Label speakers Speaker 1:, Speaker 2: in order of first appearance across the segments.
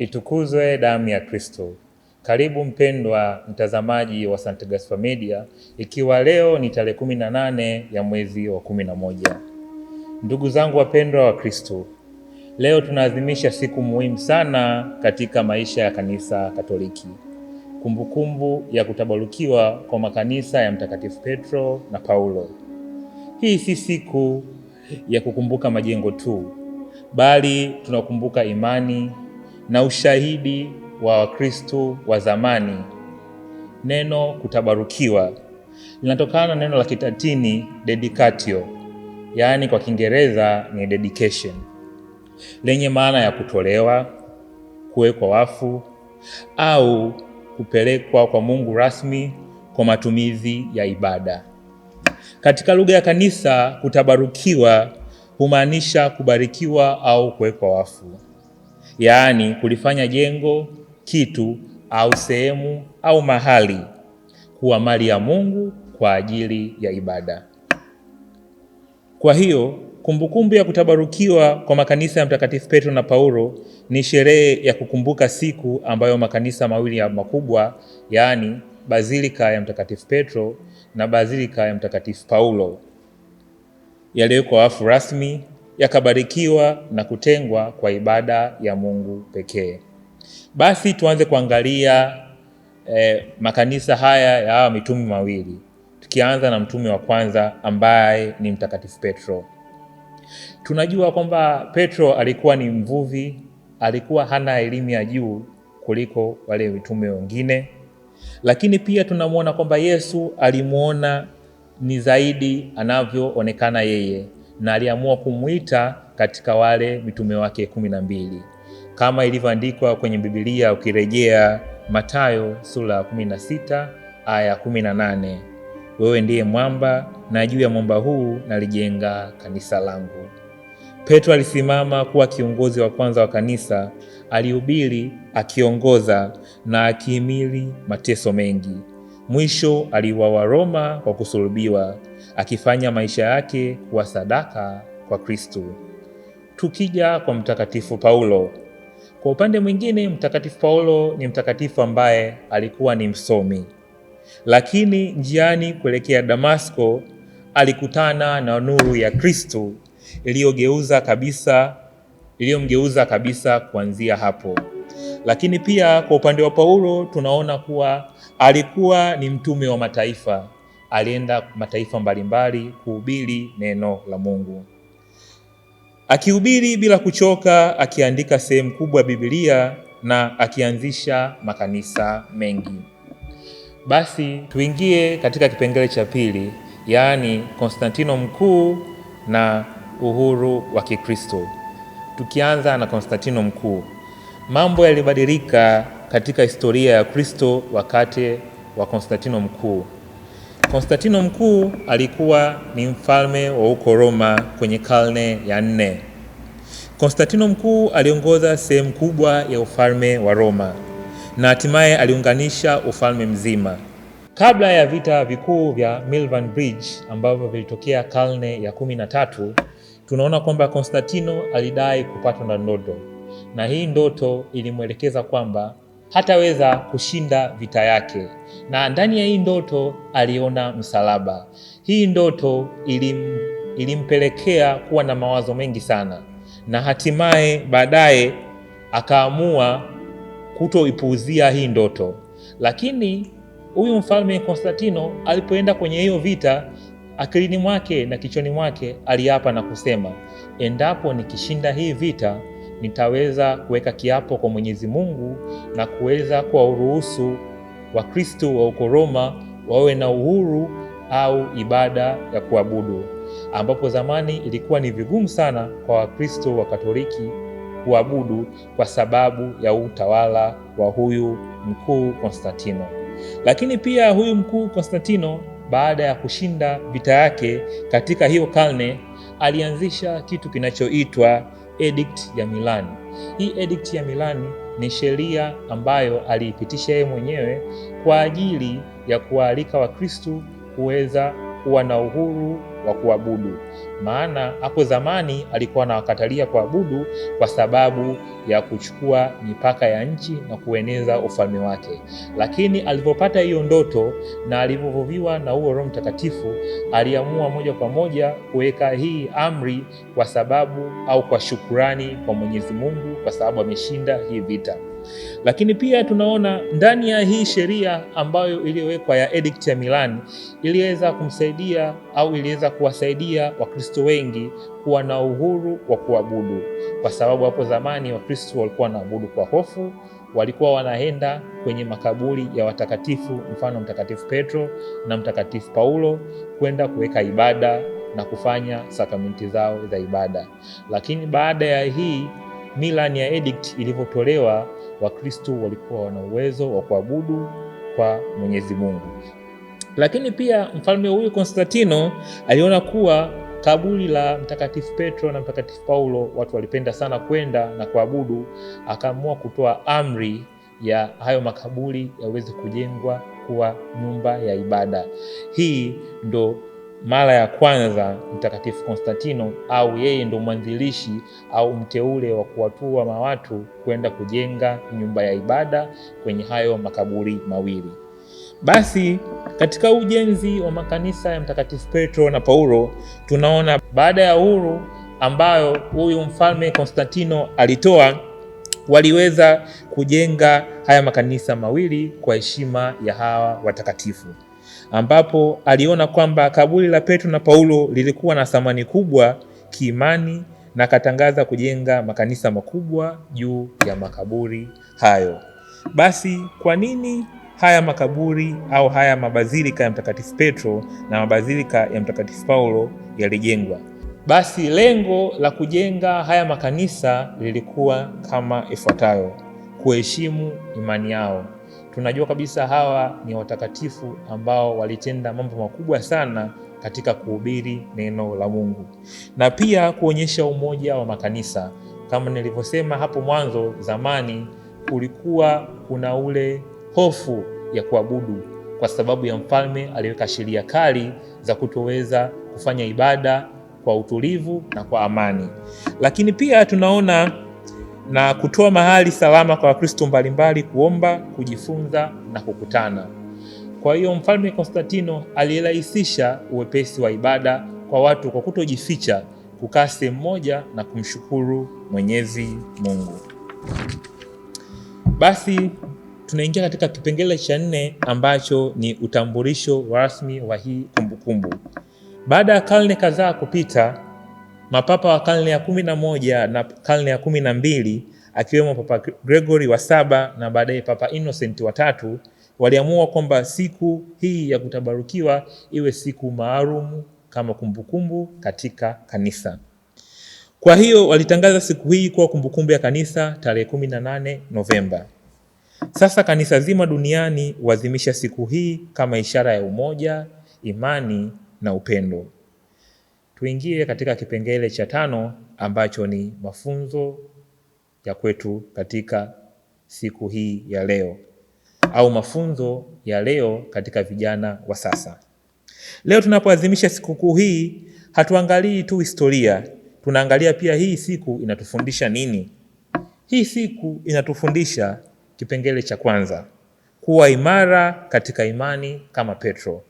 Speaker 1: Itukuzwe damu ya Kristo! Karibu mpendwa mtazamaji wa St. Gaspar Media, ikiwa leo ni tarehe kumi na nane ya mwezi wa kumi na moja. Ndugu zangu wapendwa wa Kristo, leo tunaadhimisha siku muhimu sana katika maisha ya kanisa Katoliki, kumbukumbu kumbu ya kutabarukiwa kwa makanisa ya Mtakatifu Petro na Paulo. Hii si siku ya kukumbuka majengo tu, bali tunakumbuka imani na ushahidi wa Wakristo wa zamani. Neno kutabarukiwa linatokana na neno la Kilatini dedicatio, yaani kwa Kiingereza ni dedication, lenye maana ya kutolewa, kuwekwa wafu au kupelekwa kwa Mungu rasmi kwa matumizi ya ibada. Katika lugha ya kanisa, kutabarukiwa humaanisha kubarikiwa au kuwekwa wafu yaani kulifanya jengo, kitu au sehemu au mahali kuwa mali ya Mungu kwa ajili ya ibada. Kwa hiyo kumbukumbu ya kutabarukiwa kwa makanisa ya Mtakatifu Petro na Paulo ni sherehe ya kukumbuka siku ambayo makanisa mawili ya makubwa yaani Bazilika ya Mtakatifu Petro na Bazilika ya Mtakatifu Paulo yaliwekwa wafu rasmi yakabarikiwa na kutengwa kwa ibada ya Mungu pekee. Basi tuanze kuangalia eh, makanisa haya ya hawa mitume mawili, tukianza na mtume wa kwanza ambaye ni Mtakatifu Petro. Tunajua kwamba Petro alikuwa ni mvuvi, alikuwa hana elimu ya juu kuliko wale mitume wengine, lakini pia tunamwona kwamba Yesu alimwona ni zaidi anavyoonekana yeye na aliamua kumwita katika wale mitume wake kumi na mbili kama ilivyoandikwa kwenye Biblia ukirejea matayo sura ya 16 aya 18, wewe ndiye mwamba na juu ya mwamba huu nalijenga kanisa langu. Petro alisimama kuwa kiongozi wa kwanza wa kanisa, alihubiri akiongoza na akihimili mateso mengi. Mwisho aliuawa Roma kwa kusulubiwa, akifanya maisha yake kuwa sadaka kwa Kristo. Tukija kwa Mtakatifu Paulo, kwa upande mwingine, Mtakatifu Paulo ni mtakatifu ambaye alikuwa ni msomi, lakini njiani kuelekea Damasko alikutana na nuru ya Kristo iliyogeuza kabisa iliyomgeuza kabisa kuanzia hapo. Lakini pia kwa upande wa Paulo tunaona kuwa alikuwa ni mtume wa mataifa alienda mataifa mbalimbali kuhubiri neno la Mungu, akihubiri bila kuchoka, akiandika sehemu kubwa ya Biblia na akianzisha makanisa mengi. Basi tuingie katika kipengele cha pili, yaani Konstantino Mkuu na uhuru wa Kikristo. Tukianza na Konstantino Mkuu, mambo yalibadilika katika historia ya Kristo wakati wa Konstantino Mkuu. Konstantino Mkuu alikuwa ni mfalme wa huko Roma kwenye karne ya nne. Konstantino Mkuu aliongoza sehemu kubwa ya ufalme wa Roma na hatimaye aliunganisha ufalme mzima. Kabla ya vita vikuu vya Milvan Bridge ambavyo vilitokea karne ya kumi na tatu, tunaona kwamba Konstantino alidai kupatwa na ndoto na hii ndoto ilimwelekeza kwamba hataweza kushinda vita yake, na ndani ya hii ndoto aliona msalaba. Hii ndoto ilim, ilimpelekea kuwa na mawazo mengi sana, na hatimaye baadaye akaamua kutoipuuzia hii ndoto. Lakini huyu mfalme Konstantino alipoenda kwenye hiyo vita, akilini mwake na kichwani mwake aliapa na kusema, endapo nikishinda hii vita nitaweza kuweka kiapo kwa Mwenyezi Mungu na kuweza kuwaruhusu Wakristo wa uko Roma wawe na uhuru au ibada ya kuabudu, ambapo zamani ilikuwa ni vigumu sana kwa Wakristo wa Katoliki kuabudu kwa sababu ya utawala wa huyu mkuu Konstantino. Lakini pia huyu mkuu Konstantino baada ya kushinda vita yake katika hiyo karne alianzisha kitu kinachoitwa edict ya Milani. Hii edict ya Milani ni sheria ambayo aliipitisha yeye mwenyewe kwa ajili ya kuwaalika Wakristo kuweza kuwa na uhuru wa kuabudu, maana hapo zamani alikuwa anawakatalia kuabudu kwa sababu ya kuchukua mipaka ya nchi na kueneza ufalme wake. Lakini alivyopata hiyo ndoto na alivyovuviwa na huo Roho Mtakatifu, aliamua moja kwa moja kuweka hii amri kwa sababu au kwa shukurani kwa Mwenyezi Mungu kwa sababu ameshinda hii vita. Lakini pia tunaona ndani ya hii sheria ambayo iliyowekwa ya edict ya Milan iliweza kumsaidia au iliweza kuwasaidia Wakristo wengi kuwa na uhuru wa kuabudu, kwa sababu hapo zamani Wakristo walikuwa wanaabudu kwa hofu walikuwa wanaenda kwenye makaburi ya watakatifu, mfano Mtakatifu Petro na Mtakatifu Paulo, kwenda kuweka ibada na kufanya sakramenti zao za ibada. Lakini baada ya hii Milan ya edict ilivyotolewa, Wakristo walikuwa wana uwezo wa kuabudu kwa Mwenyezi Mungu. Lakini pia mfalme huyu Konstantino aliona kuwa kaburi la Mtakatifu Petro na Mtakatifu Paulo watu walipenda sana kwenda na kuabudu, akaamua kutoa amri ya hayo makaburi yaweze kujengwa kuwa nyumba ya ibada. Hii ndo mara ya kwanza Mtakatifu Konstantino au yeye ndo mwanzilishi au mteule wa kuwatua mawatu kwenda kujenga nyumba ya ibada kwenye hayo makaburi mawili. Basi katika ujenzi wa makanisa ya Mtakatifu Petro na Paulo tunaona baada ya uhuru ambayo huyu mfalme Konstantino alitoa, waliweza kujenga haya makanisa mawili kwa heshima ya hawa watakatifu ambapo aliona kwamba kaburi la Petro na Paulo lilikuwa na thamani kubwa kiimani na akatangaza kujenga makanisa makubwa juu ya makaburi hayo. Basi kwa nini haya makaburi au haya mabazilika ya Mtakatifu Petro na mabazilika ya Mtakatifu Paulo yalijengwa? Basi lengo la kujenga haya makanisa lilikuwa kama ifuatayo: kuheshimu imani yao tunajua kabisa hawa ni watakatifu ambao walitenda mambo makubwa sana katika kuhubiri neno la Mungu na pia kuonyesha umoja wa makanisa. Kama nilivyosema hapo mwanzo, zamani kulikuwa kuna ule hofu ya kuabudu kwa sababu ya mfalme aliweka sheria kali za kutoweza kufanya ibada kwa utulivu na kwa amani, lakini pia tunaona na kutoa mahali salama kwa Wakristo mbalimbali kuomba, kujifunza na kukutana. Kwa hiyo Mfalme Konstantino alirahisisha uwepesi wa ibada kwa watu kwa kutojificha, kukaa sehemu moja na kumshukuru Mwenyezi Mungu. Basi tunaingia katika kipengele cha nne ambacho ni utambulisho rasmi wa hii kumbukumbu. Baada ya karne kadhaa kupita Mapapa wa karne ya kumi na moja na karne ya kumi na mbili akiwemo Papa Gregory wa saba na baadaye Papa Innocent wa tatu waliamua kwamba siku hii ya kutabarukiwa iwe siku maalum kama kumbukumbu katika kanisa. Kwa hiyo walitangaza siku hii kuwa kumbukumbu ya kanisa tarehe kumi na nane Novemba. Sasa kanisa zima duniani huadhimisha siku hii kama ishara ya umoja, imani na upendo. Tuingie katika kipengele cha tano ambacho ni mafunzo ya kwetu katika siku hii ya leo au mafunzo ya leo katika vijana wa sasa. Leo tunapoadhimisha sikukuu hii hatuangalii tu historia, tunaangalia pia hii siku inatufundisha nini. Hii siku inatufundisha kipengele cha kwanza, kuwa imara katika imani kama Petro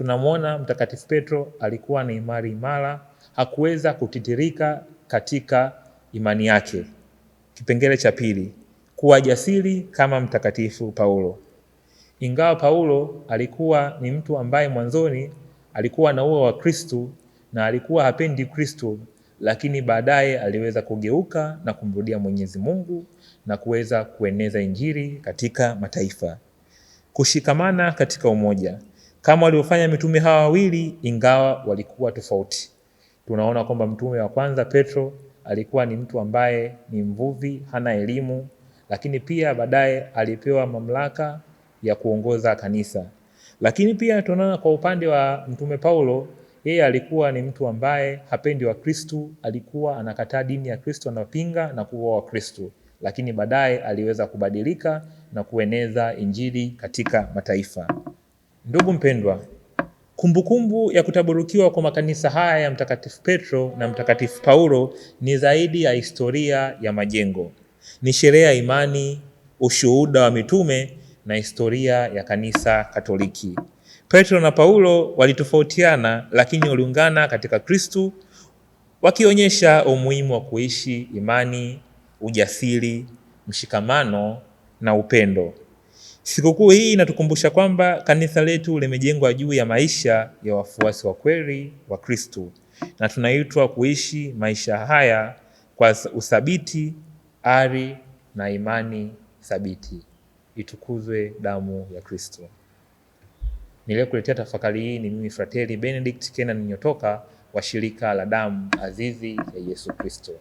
Speaker 1: tunamwona Mtakatifu Petro alikuwa na imani imara, hakuweza kutitirika katika imani yake. Kipengele cha pili, kuwa jasiri kama Mtakatifu Paulo. Ingawa Paulo alikuwa ni mtu ambaye mwanzoni alikuwa na ua wa Kristu na alikuwa hapendi Kristu, lakini baadaye aliweza kugeuka na kumrudia Mwenyezi Mungu na kuweza kueneza Injili katika mataifa. Kushikamana katika umoja kama waliofanya mitume hawa wawili, ingawa walikuwa tofauti. Tunaona kwamba mtume wa kwanza Petro alikuwa ni mtu ambaye ni mvuvi, hana elimu, lakini pia baadaye alipewa mamlaka ya kuongoza kanisa. Lakini pia tunaona kwa upande wa mtume Paulo, yeye alikuwa ni mtu ambaye hapendi Wakristu, alikuwa anakataa dini ya Kristu, anapinga na kuua Wakristu, lakini baadaye aliweza kubadilika na kueneza Injili katika mataifa. Ndugu mpendwa, kumbukumbu ya kutabarukiwa kwa makanisa haya ya Mtakatifu Petro na Mtakatifu Paulo ni zaidi ya historia ya majengo. Ni sherehe ya imani, ushuhuda wa mitume na historia ya Kanisa Katoliki. Petro na Paulo walitofautiana, lakini waliungana katika Kristu, wakionyesha umuhimu wa kuishi imani, ujasiri, mshikamano na upendo. Sikukuu hii inatukumbusha kwamba kanisa letu limejengwa juu ya maisha ya wafuasi wa kweli wa Kristo, na tunaitwa kuishi maisha haya kwa uthabiti, ari na imani thabiti. Itukuzwe damu ya Kristo. Niliyekuletea tafakari hii ni mimi Frateli Benedict Kenan Nyotoka wa shirika la damu azizi ya Yesu Kristo.